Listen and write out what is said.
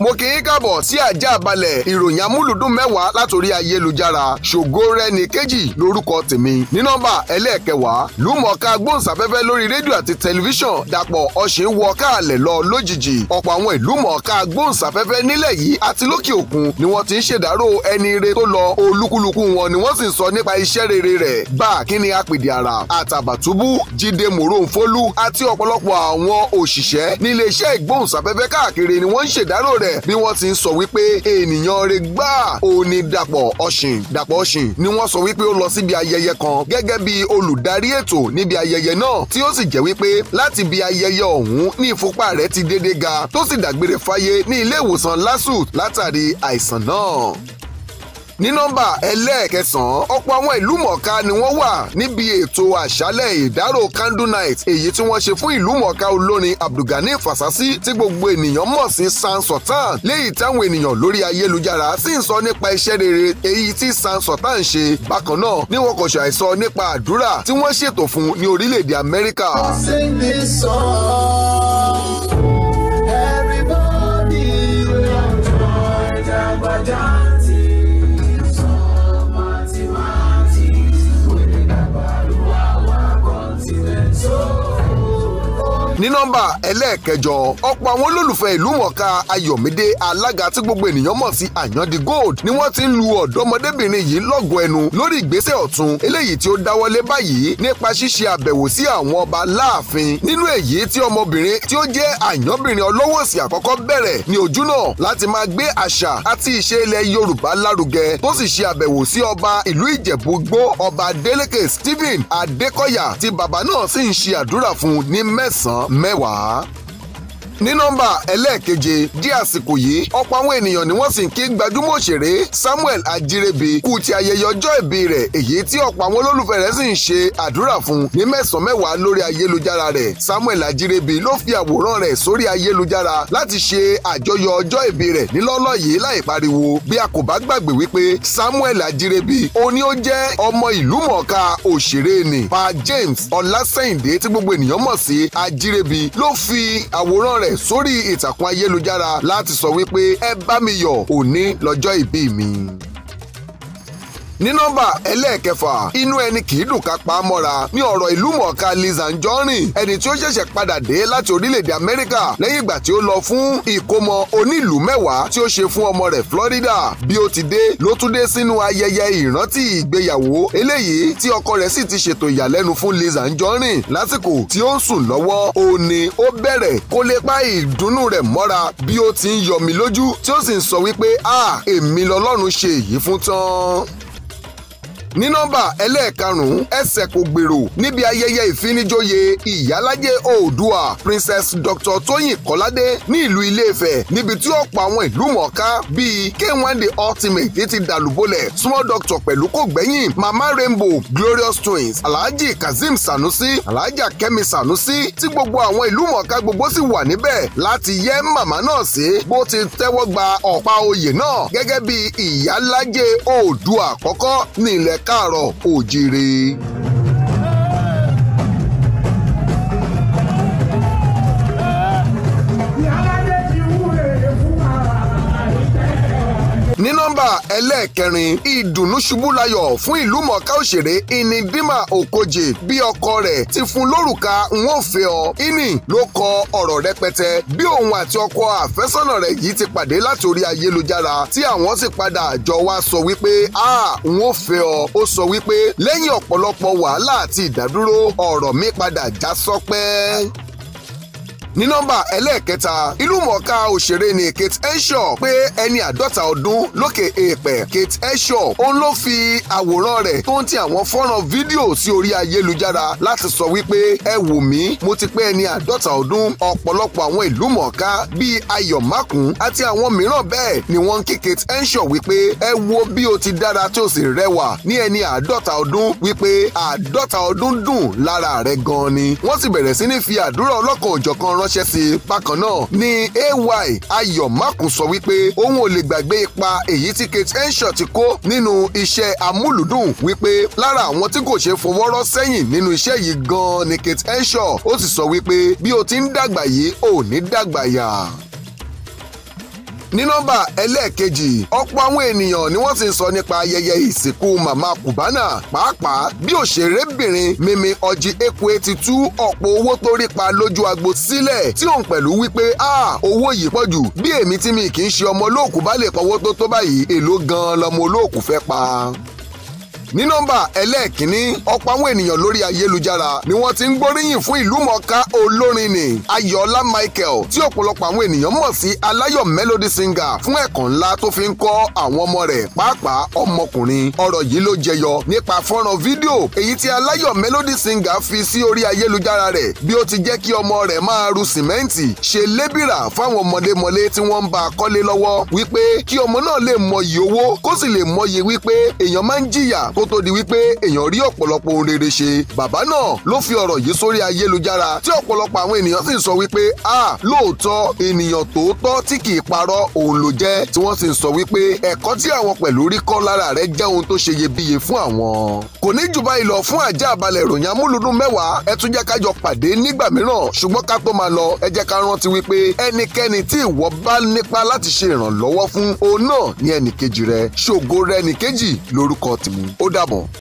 mo kì í kàbọ̀ sí àjà àbálẹ̀ ìròyìn amúlùdùn mẹ́wàá látòrí ayélujára ṣògo rẹ ní kejì lórúkọ tèmi ní nọ́mbà ẹlẹ́ẹ̀kẹwàá lùmọ̀ọ́ká gbóhùnsáfẹ́fẹ́ lórí rédíò àti tẹlifíṣàn dàpọ̀ ọ̀sìn wọ káàlẹ̀ lọ lójijì ọ̀pọ̀ àwọn ìlú mọ̀ọ́ká gbóhùnsáfẹ́fẹ́ nílẹ̀ yìí àti lókè òkun ni wọ́n ti ń ṣèdárò ẹni ire tó lọ olúkúlùkù wọn ni wọ́n sì ń sọ nípa iṣẹ́ rere rẹ̀ bá kíni apèdè àrà àtàbàtúbú jíde mòrónfólú àti ọ̀pọ̀lọpọ̀ àwọn òṣìṣẹ́ nílé iṣẹ́ ìgbóhùnsáfẹ́fẹ́ káàkiri ni wọ́n ń ṣèdárò r rẹ̀ bí wọ́n ti ń sọ wípé ènìyàn rẹ̀ gbà òun ni Dàpọ̀ Ọ̀sìn Dàpọ̀ Ọ̀sìn ni wọ́n sọ wípé ó lọ síbi ayẹyẹ kan gẹ́gẹ́ bí olùdarí ètò níbi ayẹyẹ náà tí ó sì jẹ́ wípé láti bi ayẹyẹ ọ̀hún ní ìfúnpá rẹ̀ ti dédé ga tó sì dágbére fáyé ní ilé ìwòsàn LASUT látàrí àìsàn náà ní nọ́mbà ẹlẹ́ẹ̀kẹsàn-án ọ̀pọ̀ àwọn ìlú mọ̀ọ́ká ni wọ́n wà níbi ètò àṣálẹ̀ ìdárò candle night èyí tí wọ́n ṣe fún ìlú mọ̀ọ́ká olórin abdulgani fasasi tí gbogbo ènìyàn mọ̀ sí San Sultan léyìí táwọn ènìyàn lórí ayélujára sì ń sọ nípa iṣẹ́ rere èyí tí San Sultan ṣe bákan náà ni wọ́n kò ṣàìsọ nípa àdúrà tí wọ́n ṣètò fún ní orílẹ̀-èdè Amẹ́ríkà. I sing this song. ní nọ́mbà ẹlẹ́ẹ̀kẹjọ ọ̀pọ̀ àwọn olólùfẹ́ ìlú mọ̀ọ́ká ayọ̀mídé alága tí gbogbo ènìyàn mọ̀ sí àyàndí gold ni wọ́n ti ń lu ọ̀dọ́mọdébìnrin yìí lọ́gọ̀ ẹnu lórí ìgbésẹ̀ ọ̀tun eléyìí tí ó dáwọ́lé báyìí nípa ṣíṣe àbẹ̀wò sí àwọn ọba láàfin nínú èyí tí ọmọbìnrin tí ó jẹ́ àyànbìnrin ọlọ́wọ́sì àkọ́kọ́ bẹ̀rẹ̀ ní ojú náà láti máa gbé àṣà àti ìṣe ilẹ̀ yorùbá lárugẹ tó sì ṣe àbẹ̀wò sí ọba ìlú ìjẹ̀bú gbó ọba adeleke stephen Adekoya tí bàbá náà sì ń ṣe àdúrà fún ní mẹ́sàn-án mẹ́wàá ní nọ́mbà ẹlẹ́ẹ̀keje di àsìkò yìí ọ̀pọ̀ àwọn ènìyàn ni wọ́n sì ń kí gbajúmọ̀ òṣèré Samuel Ajírébi kú ti ayẹyẹ ọjọ́ ìbí rẹ̀ èyí tí ọ̀pọ̀ àwọn olólùfẹ́ rẹ̀ sì ń ṣe àdúrà fún ní mẹ́sàn-án mẹ́wàá lórí ayélujára rẹ̀ Samuel Ajírébi ló fi àwòrán rẹ̀ sórí ayélujára láti ṣe àjọyọ̀ ọjọ́ ìbí rẹ̀ nílọ́lọ́ yìí láì pariwo bí a kò bá gbàgbé wípé Samuel Ajírébi ó ní ó jẹ́ ọmọ ìlú mọ̀ọ́ká òṣèré ni Pa James Ọlásẹ́yìndé tí gbogbo ènìyàn mọ̀ sí Ajírébi ló fi àwòrán r rẹ̀ sórí ìtàkùn ayélujára láti sọ wípé ẹ bá mi yọ̀ òní lọ́jọ́ ìbí mi ní nọ́mbà ẹlẹ́ẹ̀kẹfà inú ẹni kì í dùn ká pa á mọ́ra ní ọ̀rọ̀ ìlúmọ̀ọ́ká Liz Anjorin ẹni tí ó ṣẹ̀ṣẹ̀ padà dé láti orílẹ̀-èdè Amẹ́ríkà lẹ́yìn ìgbà tí ó lọ fún ìkómọ onílù mẹ́wàá tí ó ṣe fún ọmọ rẹ̀ Florida bí ó ti dé ló tún dé sínú ayẹyẹ ìrántí ìgbéyàwó eléyìí tí ọkọ rẹ̀ sì ti ṣètò ìyàlẹ́nu fún Liz Anjorin lásìkò tí ó ń sùn lọ́wọ́ òní ó bẹ̀rẹ̀ kó lè pa ìdùnnú rẹ̀ mọ́ra bí ó ti ń yọ mí lójú tí ó sì ń sọ wípé ah èmi lọ́lọ́run ṣe èyí fún tán ní nọ́mbà ẹlẹ́ẹ̀karùn-ún ẹsẹ̀ kò gbèrò níbi ayẹyẹ ìfinijoyè ìyálájẹ oòdùà princess dr tóyìn kọ́ládé ní ìlú ilé-ifẹ̀ níbi tí ọ̀pọ̀ àwọn ìlú mọ̀ọ́ká bíi k1 the ultimate ti dàlúbọ̀lẹ̀ small doctor pẹ̀lú kò gbẹ́yìn mama rainbow glorious twins alhaji kazeem sanusi alhaja kemi sanusi tí gbogbo àwọn ìlú mọ̀ọ́ká gbogbo sì wà níbẹ̀ láti yẹ́ màmá náà sí bó ti tẹ́wọ́ gba ọ̀pá oyè náà gẹ́gẹ́ bí ìyálájẹ oòdùà àkọ́kọ́ ní ilẹ̀ káàárọ̀ oòjíire. ní nọ́mbà ẹlẹ́ẹ̀kẹrin ìdùnnú ṣubú layọ̀ fún ìlú mọ̀ọ́ká òṣèré Inidima Okoje bí ọkọ rẹ̀ ti fún lórúkà n ó fẹ́ ọ Ini ló kọ ọ̀rọ̀ rẹpẹtẹ bí òun àti ọkọ àfẹ́sọ́nà rẹ̀ yìí ti pàdé láti orí ayélujára tí àwọn sì padà jọ wá sọ wípé a n ó fẹ́ ọ ó sọ wípé lẹ́yìn ọ̀pọ̀lọpọ̀ wàhálà àti ìdádúró ọ̀rọ̀ mi padà já sọ́pẹ́ ní nọ́mbà ẹlẹ́ẹ̀kẹta ìlúmọ̀ọ́ká òṣèré ni Kate Henshaw pé ẹni àádọ́ta ọdún lókè èèpẹ̀ Kate Henshaw òun ló fi àwòrán rẹ̀ tó ń ti àwọn fọ́nrán fídíò sí orí ayélujára láti sọ wípé ẹ wò mí mo ti pé ẹni àádọ́ta ọdún ọ̀pọ̀lọpọ̀ àwọn ìlúmọ̀ọ́ká bíi Ayọ̀ Makùn àti àwọn mìíràn bẹ́ẹ̀ ni wọ́n ń kí Kate Henshaw wípé ẹ wo bí o ti dára tí o sì rẹwà ní ẹni àádọ́ta ọdún wípé àádọ́ta ọdún dùn lára rẹ gan ni wọ́n sì bẹ̀rẹ̀ sí ní fi àdúrà ọlọ́kan òjọ̀kan r ránṣẹ́ sí i bákan náà ni ay ayọ̀ makùn sọ wípé òun ò lè gbàgbé ipa èyí tí kate henshaw ti kó nínú iṣẹ́ amúlùdùn wípé lára àwọn tí kò ṣe fọwọ́rọ́ sẹ́yìn nínú iṣẹ́ yìí gan-an ni kate henshaw ó sì sọ wípé bí o ti ń dàgbà yìí ò ní dàgbà yà ní nọ́mbà ẹlẹ́ẹ̀kejì ọ̀pọ̀ àwọn ènìyàn ni wọ́n ti ń sọ nípa ayẹyẹ ìsìnkú màmá Cubana pàápàá bí òṣèrébìnrin Mimi Ọjì Ekwe ti tú ọ̀pọ̀ owó tó rí pa lójú agbo sílẹ̀ tí òun pẹ̀lú wípé a owó yìí pọ̀ jù bí èmi tí mi kì í ṣe ọmọ olóòkú bá lè pọwọ́ tó tó báyìí èló gan-an lọmọ olóòkú fẹ́ pa ní nọ́mbà ẹlẹ́ẹ̀kínní ọ̀pọ̀ àwọn ènìyàn lórí ayélujára ni wọ́n ti ń gbóríyìn fún ìlúmọ̀ọ́ká olórin ni ayọ̀ọ́lá michael tí ọ̀pọ̀lọpọ̀ àwọn ènìyàn mọ̀ sí aláyọ̀ melody singer fún ẹ̀kọ́ ńlá tó fi ń kọ́ àwọn ọmọ rẹ̀ pàápàá ọmọkùnrin ọ̀rọ̀ yìí ló jẹyọ nípa fọ́nrán fídíò èyí tí aláyọ̀ melody singer fi sí orí ayélujára rẹ̀ bí ó ti jẹ́ kí ọmọ rẹ̀ máa ru sìmẹ́ǹtì ṣe lébìrà fáwọn mọ̀lẹ́mọ̀lẹ́ tí wọ́n ń bá a kọ́lé lọ́wọ́ wípé kí ọmọ náà lè mọyì owó kó sì lè mọyì wípé èèyàn máa ń jìyà kó kó tó di wípé èèyàn rí ọ̀pọ̀lọpọ̀ ohun rere ṣe bàbá náà ló fi ọ̀rọ̀ yìí sórí ayélujára tí ọ̀pọ̀lọpọ̀ àwọn ènìyàn sì sọ wípé a lóòótọ́ ènìyàn tòótọ́ tí kì parọ́ òun ló jẹ́ tí wọ́n sì sọ wípé ẹ̀kọ́ tí àwọn pẹ̀lú rí kọ́ lára rẹ̀ jẹ́ ohun tó ṣe iyebíye fún àwọn. kò ní jù báyìí lọ fún àjẹ́ àbálẹ̀ ìròyìn amúlùdún mẹ́wàá ẹ double.